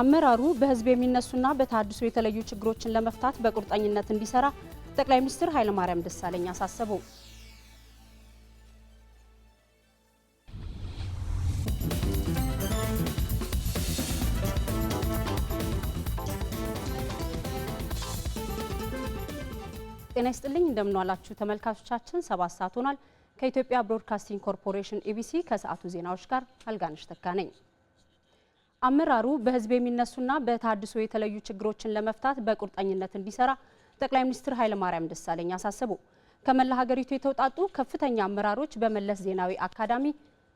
አመራሩ በህዝብ የሚነሱና በተሃድሶ የተለዩ ችግሮችን ለመፍታት በቁርጠኝነት እንዲሰራ ጠቅላይ ሚኒስትር ኃይለማርያም ደሳለኝ አሳሰቡ። ጤና ይስጥልኝ እንደምንዋላችሁ ተመልካቾቻችን፣ ሰባት ሰዓት ሆኗል። ከኢትዮጵያ ብሮድካስቲንግ ኮርፖሬሽን ኢቢሲ ከሰዓቱ ዜናዎች ጋር አልጋነሽ ተካ ነኝ። አመራሩ በህዝብ የሚነሱና በታድሶ የተለዩ ችግሮችን ለመፍታት በቁርጠኝነት እንዲሰራ ጠቅላይ ሚኒስትር ኃይለማርያም ደሳለኝ አሳሰቡ። ከመላ ሀገሪቱ የተውጣጡ ከፍተኛ አመራሮች በመለስ ዜናዊ አካዳሚ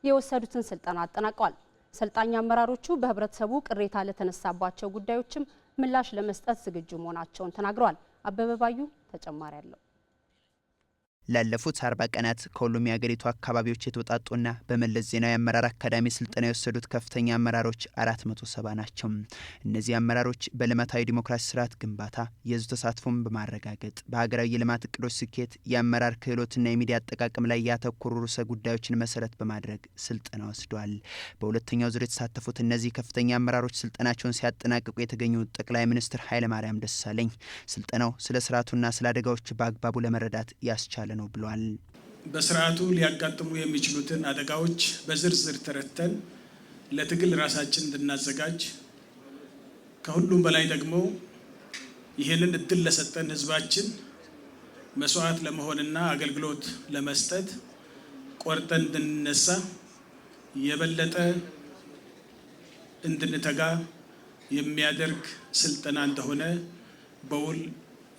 የወሰዱትን ስልጠና አጠናቀዋል። ሰልጣኝ አመራሮቹ በህብረተሰቡ ቅሬታ ለተነሳባቸው ጉዳዮችም ምላሽ ለመስጠት ዝግጁ መሆናቸውን ተናግረዋል። አበበባዩ ተጨማሪ አለው። ላለፉት አርባ ቀናት ከሁሉም የአገሪቱ አካባቢዎች የተውጣጡና በመለስ ዜናዊ አመራር አካዳሚ ስልጠና የወሰዱት ከፍተኛ አመራሮች አራት መቶ ሰባ ናቸው። እነዚህ አመራሮች በልማታዊ ዲሞክራሲ ስርዓት ግንባታ የህዝብ ተሳትፎን በማረጋገጥ በሀገራዊ የልማት እቅዶች ስኬት፣ የአመራር ክህሎትና የሚዲያ አጠቃቀም ላይ ያተኮሩ ርዕሰ ጉዳዮችን መሰረት በማድረግ ስልጠና ወስደዋል። በሁለተኛው ዙር የተሳተፉት እነዚህ ከፍተኛ አመራሮች ስልጠናቸውን ሲያጠናቅቁ የተገኙት ጠቅላይ ሚኒስትር ኃይለማርያም ደሳለኝ ስልጠናው ስለ ስርዓቱና ስለ አደጋዎች በአግባቡ ለመረዳት ያስቻለ የተሻለ ነው ብሏል። በስርዓቱ ሊያጋጥሙ የሚችሉትን አደጋዎች በዝርዝር ተረድተን ለትግል ራሳችን እንድናዘጋጅ ከሁሉም በላይ ደግሞ ይህንን እድል ለሰጠን ህዝባችን መስዋዕት ለመሆንና አገልግሎት ለመስጠት ቆርጠን እንድንነሳ የበለጠ እንድንተጋ የሚያደርግ ስልጠና እንደሆነ በውል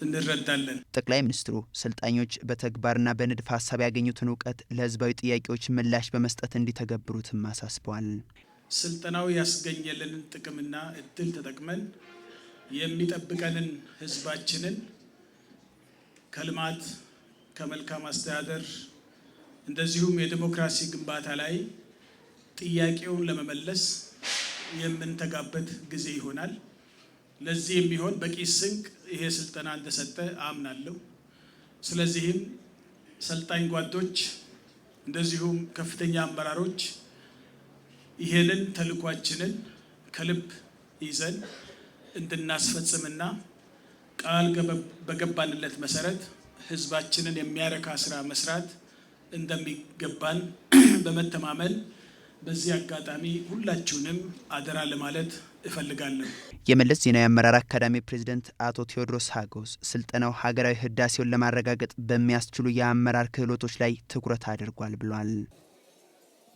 እንረዳለን። ጠቅላይ ሚኒስትሩ ሰልጣኞች በተግባርና በንድፈ ሀሳብ ያገኙትን እውቀት ለህዝባዊ ጥያቄዎች ምላሽ በመስጠት እንዲተገብሩትም አሳስበዋል። ስልጠናው ያስገኘልንን ጥቅምና እድል ተጠቅመን የሚጠብቀንን ህዝባችንን ከልማት ከመልካም አስተዳደር እንደዚሁም የዲሞክራሲ ግንባታ ላይ ጥያቄውን ለመመለስ የምንተጋበት ጊዜ ይሆናል። ለዚህ የሚሆን በቂ ስንቅ ይሄ ስልጠና እንደሰጠ አምናለሁ። ስለዚህም ሰልጣኝ ጓዶች እንደዚሁም ከፍተኛ አመራሮች ይሄንን ተልኳችንን ከልብ ይዘን እንድናስፈጽምና ቃል በገባንለት መሰረት ህዝባችንን የሚያረካ ስራ መስራት እንደሚገባን በመተማመን በዚህ አጋጣሚ ሁላችሁንም አደራ ለማለት እፈልጋለሁ። የመለስ ዜናዊ አመራር አካዳሚ ፕሬዚደንት አቶ ቴዎድሮስ ሀጎስ ስልጠናው ሀገራዊ ህዳሴውን ለማረጋገጥ በሚያስችሉ የአመራር ክህሎቶች ላይ ትኩረት አድርጓል ብሏል።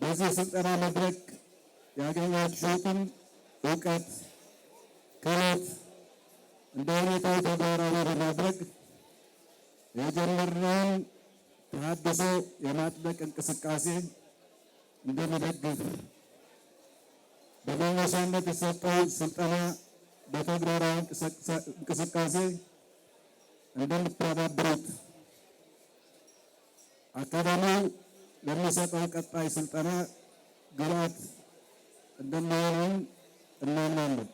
በዚህ ስልጠና መድረክ ያገኛችሁትን እውቀት፣ ክህሎት እንደ ሁኔታው ተግባራዊ በማድረግ የጀመርነውን ተሀድሶ የማጥበቅ እንቅስቃሴ እንደሚደግፍ በመነሻነት የሰጠው ስልጠና በተግባራዊ እንቅስቃሴ እንደምታዳብሩት አካዳሚው ለሚሰጠው ቀጣይ ስልጠና ግብዓት እንደሚሆነውን እናምናለን።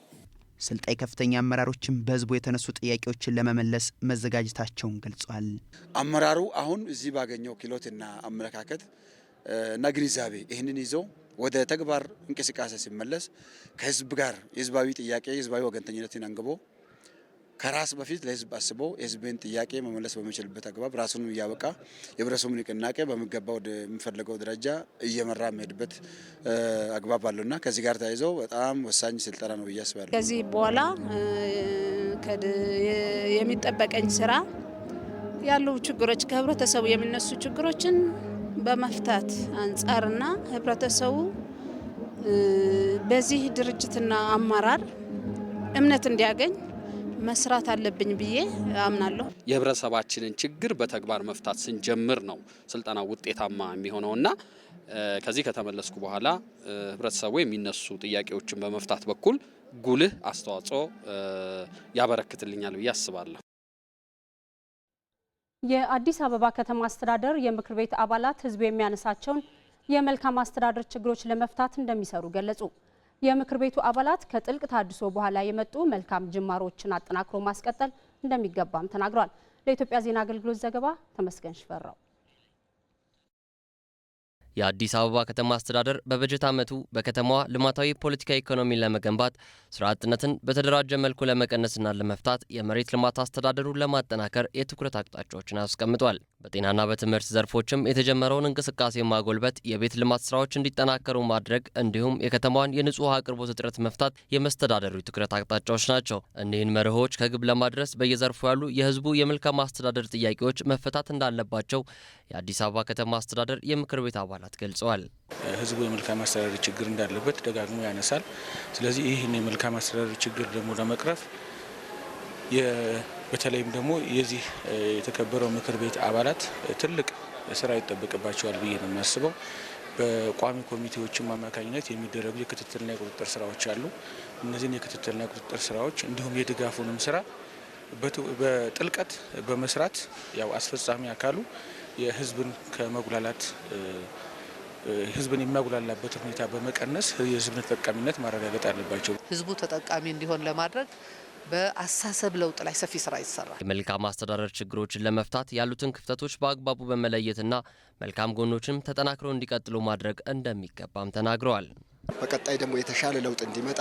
ስልጣይ ከፍተኛ አመራሮችም በህዝቡ የተነሱ ጥያቄዎችን ለመመለስ መዘጋጀታቸውን ገልጿል። አመራሩ አሁን እዚህ ባገኘው ክህሎትና አመለካከት እና ግንዛቤ ይህንን ይዘው ወደ ተግባር እንቅስቃሴ ሲመለስ ከህዝብ ጋር የህዝባዊ ጥያቄ የህዝባዊ ወገንተኝነትን አንግቦ ከራስ በፊት ለህዝብ አስቦ የህዝብን ጥያቄ መመለስ በሚችልበት አግባብ ራሱን እያበቃ የህብረተሰቡ ንቅናቄ በሚገባ ወደሚፈለገው ደረጃ እየመራ የሚሄድበት አግባብ አለውና ከዚህ ጋር ተያይዞ በጣም ወሳኝ ስልጠና ነው ብዬ አስባለሁ። ከዚህ በኋላ የሚጠበቀኝ ስራ ያሉ ችግሮች ከህብረተሰቡ የሚነሱ ችግሮችን በመፍታት አንጻርና ህብረተሰቡ በዚህ ድርጅትና አመራር እምነት እንዲያገኝ መስራት አለብኝ ብዬ አምናለሁ። የህብረተሰባችንን ችግር በተግባር መፍታት ስንጀምር ነው ስልጠና ውጤታማ የሚሆነውና ከዚህ ከተመለስኩ በኋላ ህብረተሰቡ የሚነሱ ጥያቄዎችን በመፍታት በኩል ጉልህ አስተዋጽኦ ያበረክትልኛል ብዬ አስባለሁ። የአዲስ አበባ ከተማ አስተዳደር የምክር ቤት አባላት ህዝቡ የሚያነሳቸውን የመልካም አስተዳደር ችግሮች ለመፍታት እንደሚሰሩ ገለጹ። የምክር ቤቱ አባላት ከጥልቅ ታድሶ በኋላ የመጡ መልካም ጅማሮችን አጠናክሮ ማስቀጠል እንደሚገባም ተናግሯል። ለኢትዮጵያ ዜና አገልግሎት ዘገባ ተመስገን ሽፈራው የአዲስ አበባ ከተማ አስተዳደር በበጀት ዓመቱ በከተማዋ ልማታዊ ፖለቲካ ኢኮኖሚን ለመገንባት ስራ አጥነትን በተደራጀ መልኩ ለመቀነስና ለመፍታት የመሬት ልማት አስተዳደሩን ለማጠናከር የትኩረት አቅጣጫዎችን አስቀምጧል። በጤናና በትምህርት ዘርፎችም የተጀመረውን እንቅስቃሴ ማጎልበት፣ የቤት ልማት ስራዎች እንዲጠናከሩ ማድረግ እንዲሁም የከተማዋን የንጹህ ውሃ አቅርቦት እጥረት መፍታት የመስተዳደሩ የትኩረት አቅጣጫዎች ናቸው። እኒህን መርሆች ከግብ ለማድረስ በየዘርፉ ያሉ የህዝቡ የመልካም አስተዳደር ጥያቄዎች መፈታት እንዳለባቸው የአዲስ አበባ ከተማ አስተዳደር የምክር ቤት አባል አባላት ገልጸዋል። ህዝቡ የመልካም አስተዳደር ችግር እንዳለበት ደጋግሞ ያነሳል። ስለዚህ ይህን የመልካም አስተዳደር ችግር ደግሞ ለመቅረፍ በተለይም ደግሞ የዚህ የተከበረው ምክር ቤት አባላት ትልቅ ስራ ይጠበቅባቸዋል ብዬ ነው የሚያስበው። በቋሚ ኮሚቴዎችም አማካኝነት የሚደረጉ የክትትልና የቁጥጥር ስራዎች አሉ። እነዚህን የክትትልና የቁጥጥር ስራዎች እንዲሁም የድጋፉንም ስራ በጥልቀት በመስራት ያው አስፈጻሚ አካሉ የህዝብን ከመጉላላት ህዝብን የሚያጉላላበት ሁኔታ በመቀነስ የህዝብን ተጠቃሚነት ማረጋገጥ አለባቸው። ህዝቡ ተጠቃሚ እንዲሆን ለማድረግ በአሳሰብ ለውጥ ላይ ሰፊ ስራ ይሰራል። የመልካም አስተዳደር ችግሮችን ለመፍታት ያሉትን ክፍተቶች በአግባቡ በመለየትና መልካም ጎኖችም ተጠናክረው እንዲቀጥሉ ማድረግ እንደሚገባም ተናግረዋል። በቀጣይ ደግሞ የተሻለ ለውጥ እንዲመጣ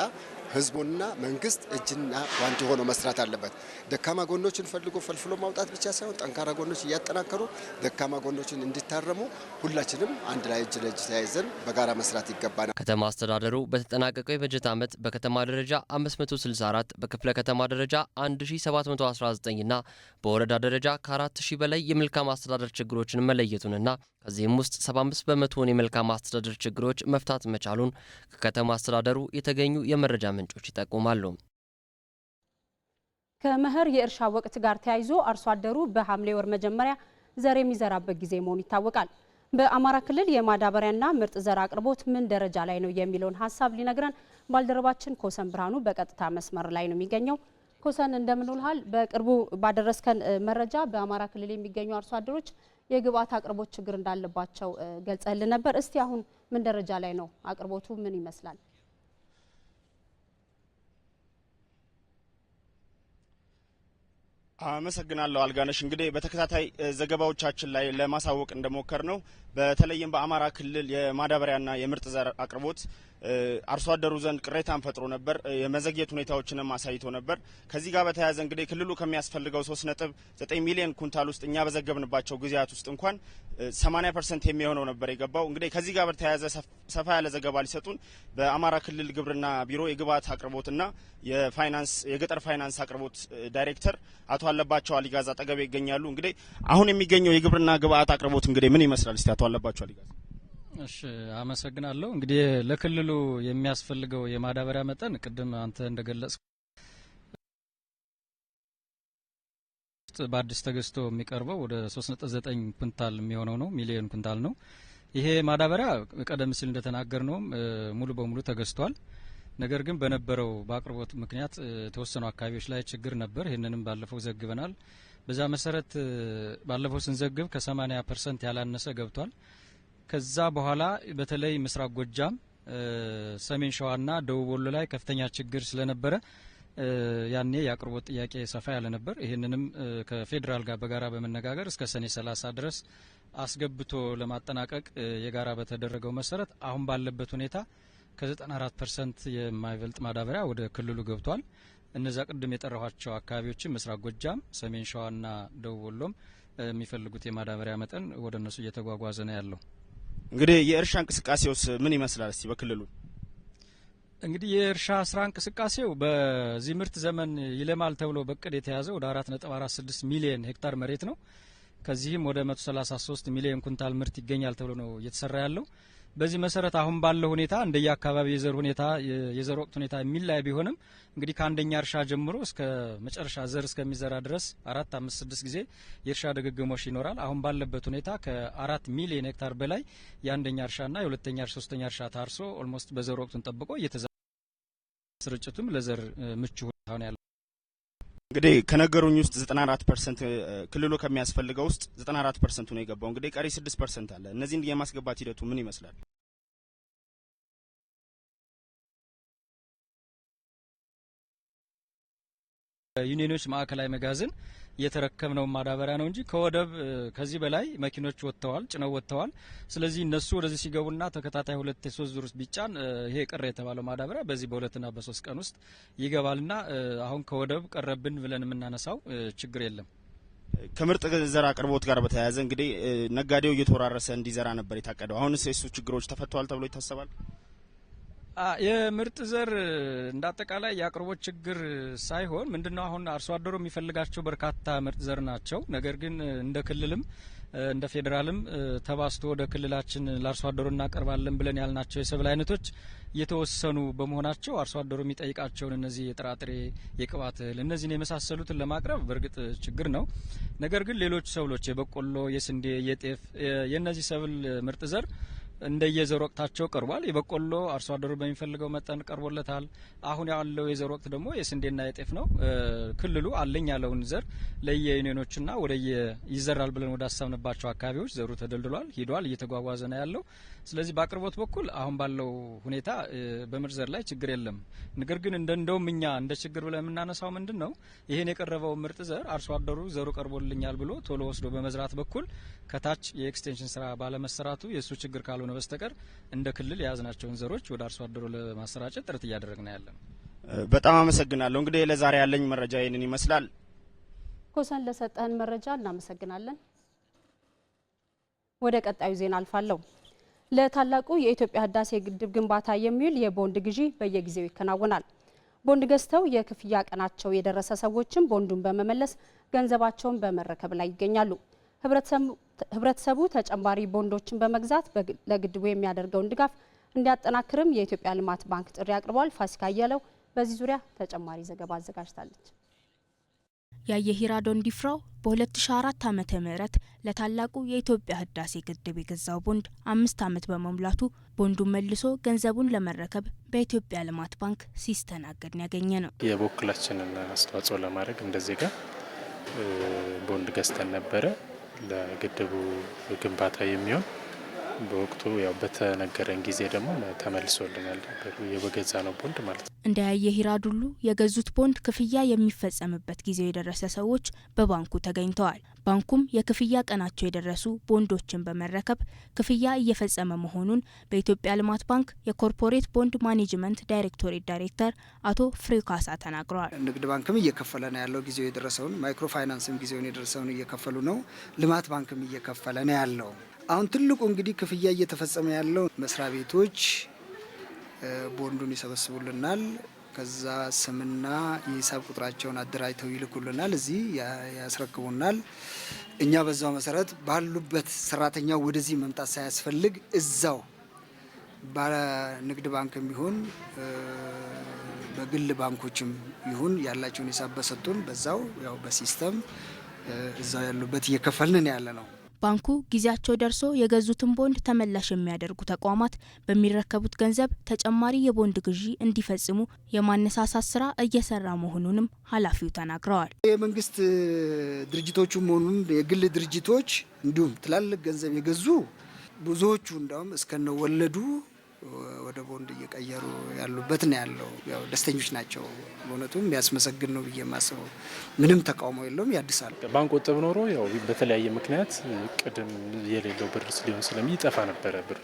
ህዝቡና መንግስት እጅና ጓንት ሆኖ መስራት አለበት። ደካማ ጎኖችን ፈልጎ ፈልፍሎ ማውጣት ብቻ ሳይሆን ጠንካራ ጎኖች እያጠናከሩ ደካማ ጎኖችን እንዲታረሙ ሁላችንም አንድ ላይ እጅ ለእጅ ተያይዘን በጋራ መስራት ይገባናል። ከተማ አስተዳደሩ በተጠናቀቀው የበጀት ዓመት በከተማ ደረጃ 564 በክፍለ ከተማ ደረጃ 1719 ና በወረዳ ደረጃ ከ4000 በላይ የመልካም አስተዳደር ችግሮችን መለየቱንና ከዚህም ውስጥ 75 በመቶውን የመልካም አስተዳደር ችግሮች መፍታት መቻሉን ከከተማ አስተዳደሩ የተገኙ የመረጃ ምንጮች ይጠቁማሉ። ከመኸር የእርሻ ወቅት ጋር ተያይዞ አርሶ አደሩ በሐምሌ ወር መጀመሪያ ዘር የሚዘራበት ጊዜ መሆኑ ይታወቃል። በአማራ ክልል የማዳበሪያና ምርጥ ዘር አቅርቦት ምን ደረጃ ላይ ነው የሚለውን ሀሳብ ሊነግረን ባልደረባችን ኮሰን ብርሃኑ በቀጥታ መስመር ላይ ነው የሚገኘው። ኮሰን እንደምንውልሃል። በቅርቡ ባደረስከን መረጃ በአማራ ክልል የሚገኙ አርሶ አደሮች የግብአት አቅርቦት ችግር እንዳለባቸው ገልጸልን ነበር። እስቲ አሁን ምን ደረጃ ላይ ነው? አቅርቦቱ ምን ይመስላል? አመሰግናለሁ አልጋነሽ። እንግዲህ በተከታታይ ዘገባዎቻችን ላይ ለማሳወቅ እንደሞከር ነው በተለይም በአማራ ክልል የማዳበሪያና የምርጥ ዘር አቅርቦት አርሶ አደሩ ዘንድ ቅሬታን ፈጥሮ ነበር። የመዘግየት ሁኔታዎችንም አሳይቶ ነበር። ከዚህ ጋር በተያያዘ እንግዲህ ክልሉ ከሚያስፈልገው ዘጠኝ ሚሊዮን ኩንታል ውስጥ እኛ በዘገብንባቸው ጊዜያት ውስጥ እንኳን ሰማኒያ ፐርሰንት የሚሆነው ነበር የገባው። እንግዲህ ከዚህ ጋር በተያያዘ ሰፋ ያለ ዘገባ ሊሰጡን በአማራ ክልል ግብርና ቢሮ የግብዓት አቅርቦትና የፋይናንስ የገጠር ፋይናንስ አቅርቦት ዳይሬክተር አቶ አለባቸው አሊጋዛ አጠገቤ ይገኛሉ። እንግዲህ አሁን የሚገኘው የግብርና ግብዓት አቅርቦት እንግዲህ ምን ይመስላል? መወጣቱ አለባቸዋል። እሺ አመሰግናለሁ። እንግዲህ ለክልሉ የሚያስፈልገው የማዳበሪያ መጠን ቅድም አንተ እንደገለጽ በአዲስ ተገዝቶ የሚቀርበው ወደ 3.9 ኩንታል የሚሆነው ነው ሚሊዮን ኩንታል ነው። ይሄ ማዳበሪያ ቀደም ሲል እንደተናገር ነውም ሙሉ በሙሉ ተገዝቷል። ነገር ግን በነበረው በአቅርቦት ምክንያት የተወሰኑ አካባቢዎች ላይ ችግር ነበር። ይህንንም ባለፈው ዘግበናል። በዛ መሰረት ባለፈው ስንዘግብ ከ80 ፐርሰንት ያላነሰ ገብቷል። ከዛ በኋላ በተለይ ምስራቅ ጎጃም፣ ሰሜን ሸዋና ደቡብ ወሎ ላይ ከፍተኛ ችግር ስለነበረ ያኔ የአቅርቦት ጥያቄ ሰፋ ያለ ነበር። ይህንንም ከፌዴራል ጋር በጋራ በመነጋገር እስከ ሰኔ 30 ድረስ አስገብቶ ለማጠናቀቅ የጋራ በተደረገው መሰረት አሁን ባለበት ሁኔታ ከ94 ፐርሰንት የማይበልጥ ማዳበሪያ ወደ ክልሉ ገብቷል። እነዛ ቅድም የጠራኋቸው አካባቢዎችም ምስራቅ ጎጃም፣ ሰሜን ሸዋና ደቡብ ወሎም የሚፈልጉት የማዳበሪያ መጠን ወደ እነሱ እየተጓጓዘ ነው ያለው። እንግዲህ የእርሻ እንቅስቃሴውስ ምን ይመስላል? እስቲ በክልሉ እንግዲህ የእርሻ ስራ እንቅስቃሴው በዚህ ምርት ዘመን ይለማል ተብሎ በቅድ የተያዘ ወደ 4.46 ሚሊዮን ሄክታር መሬት ነው። ከዚህም ወደ ሶስት ሚሊዮን ኩንታል ምርት ይገኛል ተብሎ ነው እየተሰራ ያለው። በዚህ መሰረት አሁን ባለው ሁኔታ እንደየአካባቢ የዘር ሁኔታ የዘር ወቅት ሁኔታ የሚላይ ቢሆንም እንግዲህ ከአንደኛ እርሻ ጀምሮ እስከ መጨረሻ ዘር እስከሚዘራ ድረስ አራት አምስት ስድስት ጊዜ የእርሻ ድግግሞሽ ይኖራል። አሁን ባለበት ሁኔታ ከአራት ሚሊዮን ሄክታር በላይ የአንደኛ እርሻና የሁለተኛ ሶስተኛ እርሻ ታርሶ ኦልሞስት በዘር ወቅቱን ጠብቆ እየተዘራ ስርጭቱም ለዘር ምቹ ሁኔታ ነው ያለው። እንግዲህ ከነገሩኝ ውስጥ 94 ፐርሰንት ክልሉ ከሚያስፈልገው ውስጥ 94 ፐርሰንቱ ነው የገባው። እንግዲህ ቀሪ 6 ፐርሰንት አለ። እነዚህን የማስገባት ሂደቱ ምን ይመስላል? ዩኒዮኖች ማዕከላዊ መጋዘን የተረከብነው ማዳበሪያ ነው እንጂ ከወደብ ከዚህ በላይ መኪኖች ወጥተዋል፣ ጭነው ወጥተዋል። ስለዚህ እነሱ ወደዚህ ሲገቡና ተከታታይ ሁለት የሶስት ዙር ውስጥ ቢጫን ይሄ ቅር የተባለው ማዳበሪያ በዚህ በሁለትና በሶስት ቀን ውስጥ ይገባልና አሁን ከወደብ ቀረብን ብለን የምናነሳው ችግር የለም። ከምርጥ ዘር አቅርቦት ጋር በተያያዘ እንግዲህ ነጋዴው እየተወራረሰ እንዲዘራ ነበር የታቀደው። አሁን እሱ ችግሮች ተፈተዋል ተብሎ ይታሰባል። የምርጥ ዘር እንደ አጠቃላይ የአቅርቦት ችግር ሳይሆን ምንድነው አሁን አርሶ አደሩ የሚፈልጋቸው በርካታ ምርጥ ዘር ናቸው። ነገር ግን እንደ ክልልም እንደ ፌዴራልም ተባስቶ ወደ ክልላችን ለአርሶ አደሩ እናቀርባለን ብለን ያልናቸው የሰብል አይነቶች የተወሰኑ በመሆናቸው አርሶ አደሩ የሚጠይቃቸውን እነዚህ የጥራጥሬ፣ የቅባት እህል እነዚህን የመሳሰሉትን ለማቅረብ በእርግጥ ችግር ነው። ነገር ግን ሌሎች ሰብሎች የበቆሎ፣ የስንዴ፣ የጤፍ የእነዚህ ሰብል ምርጥ ዘር እንደየዘር ወቅታቸው ቀርቧል። የበቆሎ አርሶ አደሩ በሚፈልገው መጠን ቀርቦለታል። አሁን ያለው የዘር ወቅት ደግሞ የስንዴና የጤፍ ነው። ክልሉ አለኝ ያለውን ዘር ለየዩኒዮኖችና ወደየ ይዘራል ብለን ወደ አሰብንባቸው አካባቢዎች ዘሩ ተደልድሏል፣ ሂዷል፣ እየተጓጓዘ ነው ያለው። ስለዚህ በአቅርቦት በኩል አሁን ባለው ሁኔታ በምርጥ ዘር ላይ ችግር የለም። ነገር ግን እንደ እንደውም እኛ እንደ ችግር ብለን የምናነሳው ምንድን ነው ይህን የቀረበው ምርጥ ዘር አርሶ አደሩ ዘሩ ቀርቦልኛል ብሎ ቶሎ ወስዶ በመዝራት በኩል ከታች የኤክስቴንሽን ስራ ባለመሰራቱ የእሱ ችግር ካልሆነ በስተቀር እንደ ክልል የያዝናቸውን ዘሮች ወደ አርሶ አደሩ ለማሰራጨት ጥረት ነው ያለ ነው። በጣም አመሰግናለሁ። እንግዲህ ለዛሬ ያለኝ መረጃ ይህንን ይመስላል። ኮሰን ለሰጠህን መረጃ እናመሰግናለን። ወደ ቀጣዩ ዜና አልፋለሁ። ለታላቁ የኢትዮጵያ ህዳሴ ግድብ ግንባታ የሚውል የቦንድ ግዢ በየጊዜው ይከናወናል። ቦንድ ገዝተው የክፍያ ቀናቸው የደረሰ ሰዎችም ቦንዱን በመመለስ ገንዘባቸውን በመረከብ ላይ ይገኛሉ። ህብረተሰቡ ተጨማሪ ቦንዶችን በመግዛት ለግድቡ የሚያደርገውን ድጋፍ እንዲያጠናክርም የኢትዮጵያ ልማት ባንክ ጥሪ አቅርቧል። ፋሲካ አያለው በዚህ ዙሪያ ተጨማሪ ዘገባ አዘጋጅታለች። ያየሂራ ዶንዲፍራው በ2004 ዓ ም ለታላቁ የኢትዮጵያ ህዳሴ ግድብ የገዛው ቦንድ አምስት ዓመት በመሙላቱ ቦንዱን መልሶ ገንዘቡን ለመረከብ በኢትዮጵያ ልማት ባንክ ሲስተናገድ ያገኘ ነው። የበኩላችንን አስተዋጽኦ ለማድረግ እንደ ዜጋ ቦንድ ገዝተን ነበረ። ለግድቡ ግንባታ የሚሆን በወቅቱ ያው በተነገረን ጊዜ ደግሞ ተመልሶልናል። የበገዛ ነው ቦንድ ማለት ነው። እንደ የሂራዱሉ የገዙት ቦንድ ክፍያ የሚፈጸምበት ጊዜው የደረሰ ሰዎች በባንኩ ተገኝተዋል። ባንኩም የክፍያ ቀናቸው የደረሱ ቦንዶችን በመረከብ ክፍያ እየፈጸመ መሆኑን በኢትዮጵያ ልማት ባንክ የኮርፖሬት ቦንድ ማኔጅመንት ዳይሬክቶሬት ዳይሬክተር አቶ ፍሬካሳ ተናግረዋል። ንግድ ባንክም እየከፈለ ነው ያለው ጊዜው የደረሰውን፣ ማይክሮ ፋይናንስም ጊዜውን የደረሰውን እየከፈሉ ነው። ልማት ባንክም እየከፈለ ነው ያለው አሁን ትልቁ እንግዲህ ክፍያ እየተፈጸመ ያለው መስሪያ ቤቶች ቦንዱን ይሰበስቡልናል። ከዛ ስምና የሂሳብ ቁጥራቸውን አደራጅተው ይልኩልናል፣ እዚህ ያስረክቡናል። እኛ በዛው መሰረት ባሉበት ሰራተኛው ወደዚህ መምጣት ሳያስፈልግ እዛው በንግድ ባንክም ይሁን በግል ባንኮችም ይሁን ያላቸውን ሂሳብ በሰጡን በዛው ያው በሲስተም እዛው ያሉበት እየከፈልንን ያለ ነው። ባንኩ ጊዜያቸው ደርሶ የገዙትን ቦንድ ተመላሽ የሚያደርጉ ተቋማት በሚረከቡት ገንዘብ ተጨማሪ የቦንድ ግዢ እንዲፈጽሙ የማነሳሳት ስራ እየሰራ መሆኑንም ኃላፊው ተናግረዋል። የመንግስት ድርጅቶቹ መሆኑን የግል ድርጅቶች እንዲሁም ትላልቅ ገንዘብ የገዙ ብዙዎቹ እንዲሁም እስከነወለዱ ወደ ቦንድ እየቀየሩ ያሉበት ነው ያለው። ያው ደስተኞች ናቸው። በእውነቱ የሚያስመሰግን ነው ብዬ ማስበው ምንም ተቃውሞ የለውም። ያድሳል። ባንቆጥብ ኖሮ ያው በተለያየ ምክንያት ቅድም የሌለው ብር ሊሆን ስለሚ ይጠፋ ነበረ ብር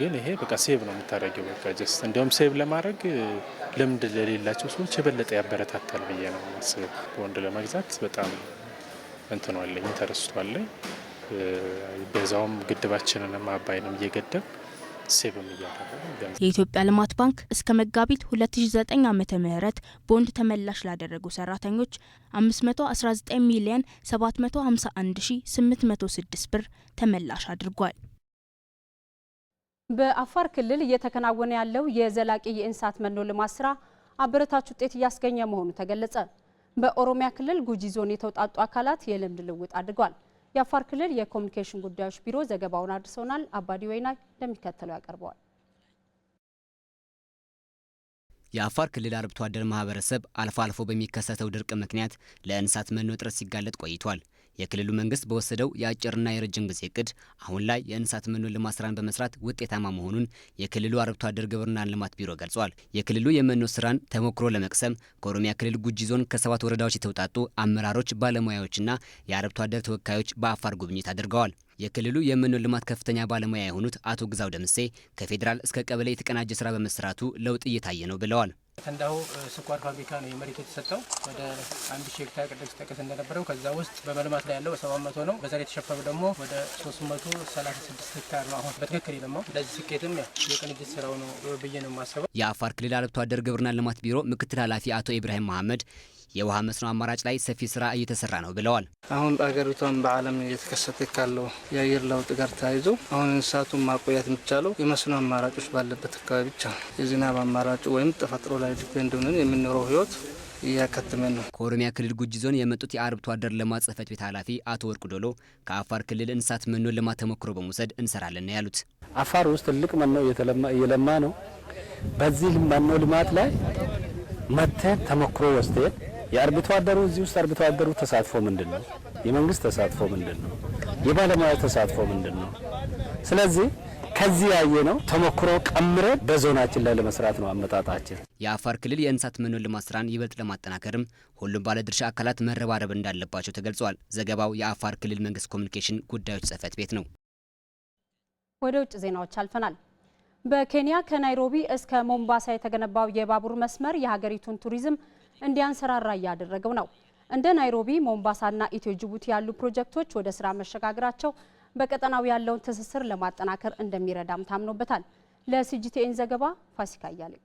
ግን ይሄ በቃ ሴቭ ነው የምታደርገው። በቃ ጀስት እንዲያውም ሴቭ ለማድረግ ልምድ ለሌላቸው ሰዎች የበለጠ ያበረታታል ብዬ ነው ማስበው። በወንድ ለመግዛት በጣም እንትኗ አለኝ ተረስቷለኝ በዛውም ግድባችንንም አባይንም እየገደብ ሴቭም እያደረገ የኢትዮጵያ ልማት ባንክ እስከ መጋቢት 2009 ዓ ም ቦንድ ተመላሽ ላደረጉ ሰራተኞች 519 ሚሊዮን 751806 ብር ተመላሽ አድርጓል። በአፋር ክልል እየተከናወነ ያለው የዘላቂ የእንስሳት መኖ ልማት ስራ አበረታች ውጤት እያስገኘ መሆኑ ተገለጸ። በኦሮሚያ ክልል ጉጂ ዞን የተውጣጡ አካላት የልምድ ልውውጥ አድርጓል። የአፋር ክልል የኮሚኒኬሽን ጉዳዮች ቢሮ ዘገባውን አድርሶናል። አባዲ ወይና እንደሚከተለው ያቀርበዋል። የአፋር ክልል አርብቶ አደር ማህበረሰብ አልፎ አልፎ በሚከሰተው ድርቅ ምክንያት ለእንስሳት መኖ እጥረት ሲጋለጥ ቆይቷል። የክልሉ መንግስት በወሰደው የአጭርና የረጅም ጊዜ እቅድ አሁን ላይ የእንስሳት መኖ ልማት ስራን በመስራት ውጤታማ መሆኑን የክልሉ አርብቶ አደር ግብርና ልማት ቢሮ ገልጿል። የክልሉ የመኖ ስራን ተሞክሮ ለመቅሰም ከኦሮሚያ ክልል ጉጂ ዞን ከሰባት ወረዳዎች የተውጣጡ አመራሮች፣ ባለሙያዎችና የአርብቶ አደር ተወካዮች በአፋር ጉብኝት አድርገዋል። የክልሉ የመኖ ልማት ከፍተኛ ባለሙያ የሆኑት አቶ ግዛው ደምሴ ከፌዴራል እስከ ቀበሌ የተቀናጀ ስራ በመስራቱ ለውጥ እየታየ ነው ብለዋል። ተንዳሆ ስኳር ፋብሪካ ነው የመሬት የተሰጠው ወደ አንድ ሺህ ሄክታር ቅድም ሲጠቀስ እንደነበረው ከዛ ውስጥ በመልማት ላይ ያለው ሰባት መቶ ነው። በዘር የተሸፈነው ደግሞ ወደ ሶስት መቶ ሰላሳ ስድስት ሄክታር ነው። አሁን በትክክል የለማው ለዚህ ስኬትም የቅንጅት ስራው ነው ብዬ ነው የማስበው። የአፋር ክልል አርብቶ አደር ግብርና ልማት ቢሮ ምክትል ኃላፊ አቶ ኢብራሂም መሀመድ የውሃ መስኖ አማራጭ ላይ ሰፊ ስራ እየተሰራ ነው ብለዋል። አሁን በአገሪቷን በዓለም እየተከሰተ ካለው የአየር ለውጥ ጋር ተያይዞ አሁን እንስሳቱን ማቆየት የሚቻለው የመስኖ አማራጮች ባለበት አካባቢ ብቻ የዝናብ አማራጩ ወይም ተፈጥሮ ላይ ዲፔንድ ሆነን የምንኖረው ህይወት እያከተመን ነው። ከኦሮሚያ ክልል ጉጂ ዞን የመጡት የአርብቶ አደር ልማት ጽህፈት ቤት ኃላፊ አቶ ወርቅ ዶሎ ከአፋር ክልል እንስሳት መኖ ልማት ተሞክሮ በመውሰድ እንሰራለን ነው ያሉት። አፋር ውስጥ ትልቅ መኖ እየለማ ነው። በዚህ መኖ ልማት ላይ መተን ተሞክሮ ወስደን የአርብቶ አደሩ እዚህ ውስጥ አርብቶ አደሩ ተሳትፎ ምንድን ነው? የመንግስት ተሳትፎ ምንድን ነው? ተሳትፎ ምንድን ነው? ስለዚህ ከዚህ ያየ ነው ተሞክሮ ቀምረን በዞናችን ላይ ለመስራት ነው አመጣጣችን። የአፋር ክልል የእንስሳት መኖ ልማት ስራን ይበልጥ ለማጠናከርም ሁሉም ባለድርሻ አካላት መረባረብ እንዳለባቸው ተገልጿል። ዘገባው የአፋር ክልል መንግስት ኮሚኒኬሽን ጉዳዮች ጽህፈት ቤት ነው። ወደ ውጭ ዜናዎች አልፈናል። በኬንያ ከናይሮቢ እስከ ሞምባሳ የተገነባው የባቡር መስመር የሀገሪቱን ቱሪዝም እንዲያንሰራራ እያደረገው ነው። እንደ ናይሮቢ፣ ሞምባሳና ኢትዮ ጅቡቲ ያሉ ፕሮጀክቶች ወደ ስራ መሸጋገራቸው በቀጠናው ያለውን ትስስር ለማጠናከር እንደሚረዳም ታምኖበታል። ለሲጂቲኤን ዘገባ ፋሲካ እያለኝ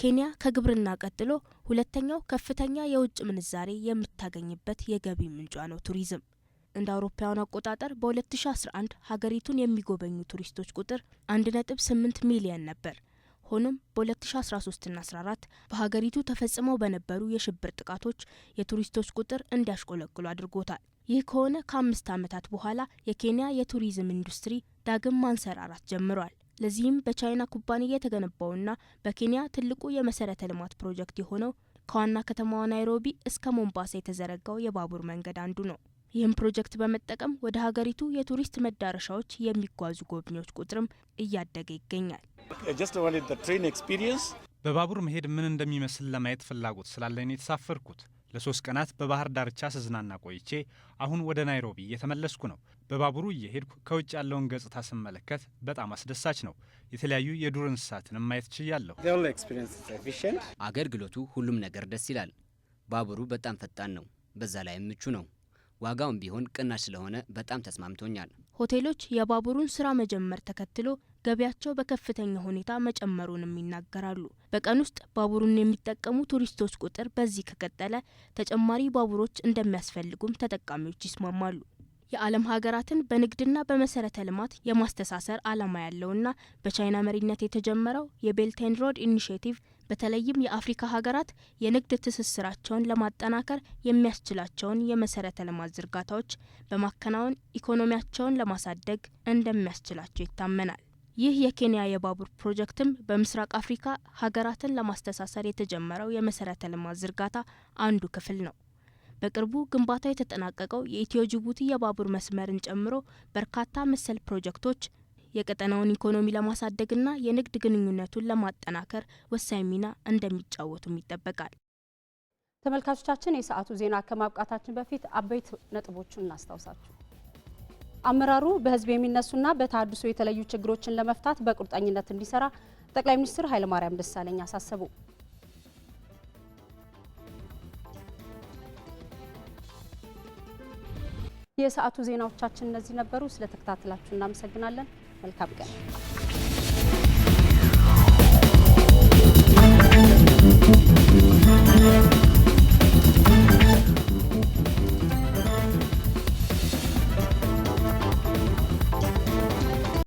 ኬንያ ከግብርና ቀጥሎ ሁለተኛው ከፍተኛ የውጭ ምንዛሬ የምታገኝበት የገቢ ምንጯ ነው ቱሪዝም። እንደ አውሮፓውያን አቆጣጠር በ2011 ሀገሪቱን የሚጎበኙ ቱሪስቶች ቁጥር 1.8 ሚሊየን ነበር። ሆኖም በ2013 ና 14 በሀገሪቱ ተፈጽመው በነበሩ የሽብር ጥቃቶች የቱሪስቶች ቁጥር እንዲያሽቆለቁሉ አድርጎታል። ይህ ከሆነ ከአምስት ዓመታት በኋላ የኬንያ የቱሪዝም ኢንዱስትሪ ዳግም ማንሰራራት ጀምሯል። ለዚህም በቻይና ኩባንያ የተገነባውና በኬንያ ትልቁ የመሰረተ ልማት ፕሮጀክት የሆነው ከዋና ከተማዋ ናይሮቢ እስከ ሞምባሳ የተዘረጋው የባቡር መንገድ አንዱ ነው። ይህም ፕሮጀክት በመጠቀም ወደ ሀገሪቱ የቱሪስት መዳረሻዎች የሚጓዙ ጎብኚዎች ቁጥርም እያደገ ይገኛል። በባቡር መሄድ ምን እንደሚመስል ለማየት ፍላጎት ስላለኝ ነው የተሳፈርኩት። ለሶስት ቀናት በባህር ዳርቻ ስዝናና ቆይቼ አሁን ወደ ናይሮቢ እየተመለስኩ ነው። በባቡሩ እየሄድኩ ከውጭ ያለውን ገጽታ ስመለከት በጣም አስደሳች ነው። የተለያዩ የዱር እንስሳትንም ማየት ችያለሁ። አገልግሎቱ፣ ሁሉም ነገር ደስ ይላል። ባቡሩ በጣም ፈጣን ነው። በዛ ላይ ምቹ ነው። ዋጋውም ቢሆን ቅናሽ ስለሆነ በጣም ተስማምቶኛል። ሆቴሎች የባቡሩን ስራ መጀመር ተከትሎ ገቢያቸው በከፍተኛ ሁኔታ መጨመሩንም ይናገራሉ። በቀን ውስጥ ባቡሩን የሚጠቀሙ ቱሪስቶች ቁጥር በዚህ ከቀጠለ ተጨማሪ ባቡሮች እንደሚያስፈልጉም ተጠቃሚዎች ይስማማሉ። የዓለም ሀገራትን በንግድና በመሰረተ ልማት የማስተሳሰር ዓላማ ያለውና በቻይና መሪነት የተጀመረው የቤልቴን ሮድ ኢኒሽቲቭ በተለይም የአፍሪካ ሀገራት የንግድ ትስስራቸውን ለማጠናከር የሚያስችላቸውን የመሰረተ ልማት ዝርጋታዎች በማከናወን ኢኮኖሚያቸውን ለማሳደግ እንደሚያስችላቸው ይታመናል። ይህ የኬንያ የባቡር ፕሮጀክትም በምስራቅ አፍሪካ ሀገራትን ለማስተሳሰር የተጀመረው የመሰረተ ልማት ዝርጋታ አንዱ ክፍል ነው። በቅርቡ ግንባታው የተጠናቀቀው የኢትዮ ጅቡቲ የባቡር መስመርን ጨምሮ በርካታ መሰል ፕሮጀክቶች የቀጠናውን ኢኮኖሚ ለማሳደግና የንግድ ግንኙነቱን ለማጠናከር ወሳኝ ሚና እንደሚጫወቱም ይጠበቃል። ተመልካቾቻችን የሰዓቱ ዜና ከማብቃታችን በፊት አበይት ነጥቦቹን እናስታውሳችሁ። አመራሩ በህዝብ የሚነሱና በተሃድሶ የተለዩ ችግሮችን ለመፍታት በቁርጠኝነት እንዲሰራ ጠቅላይ ሚኒስትር ኃይለማርያም ደሳለኝ አሳሰቡ። የሰዓቱ ዜናዎቻችን እነዚህ ነበሩ። ስለተከታተላችሁ እናመሰግናለን። መልካም ቀን